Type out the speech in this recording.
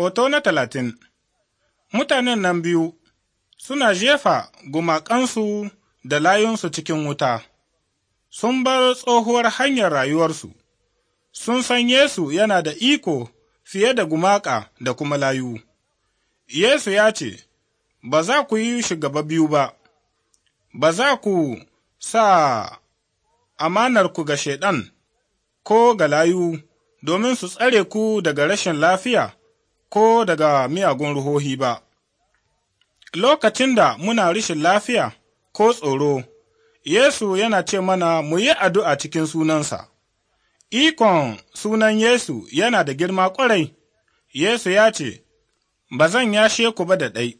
Hoto na talatin Mutanen nan biyu suna jefa gumakansu da layunsu cikin wuta, sun bar tsohuwar hanyar rayuwarsu, sun san Yesu yana da iko fiye da gumaka da kuma layu. Yesu ya ce, Ba za ku yi shugaba biyu ba, ba za ku sa ku ga Shaiɗan ko ga layu domin su tsare ku daga rashin lafiya. ko daga miyagun ruhohi ba. Lokacin da muna rishin lafiya ko tsoro, Yesu yana ce mana mu yi addu'a cikin sunansa. Ikon sunan Yesu yana da girma ƙwarai, Yesu ya ce, Ba zan yashe ku ba da ɗai.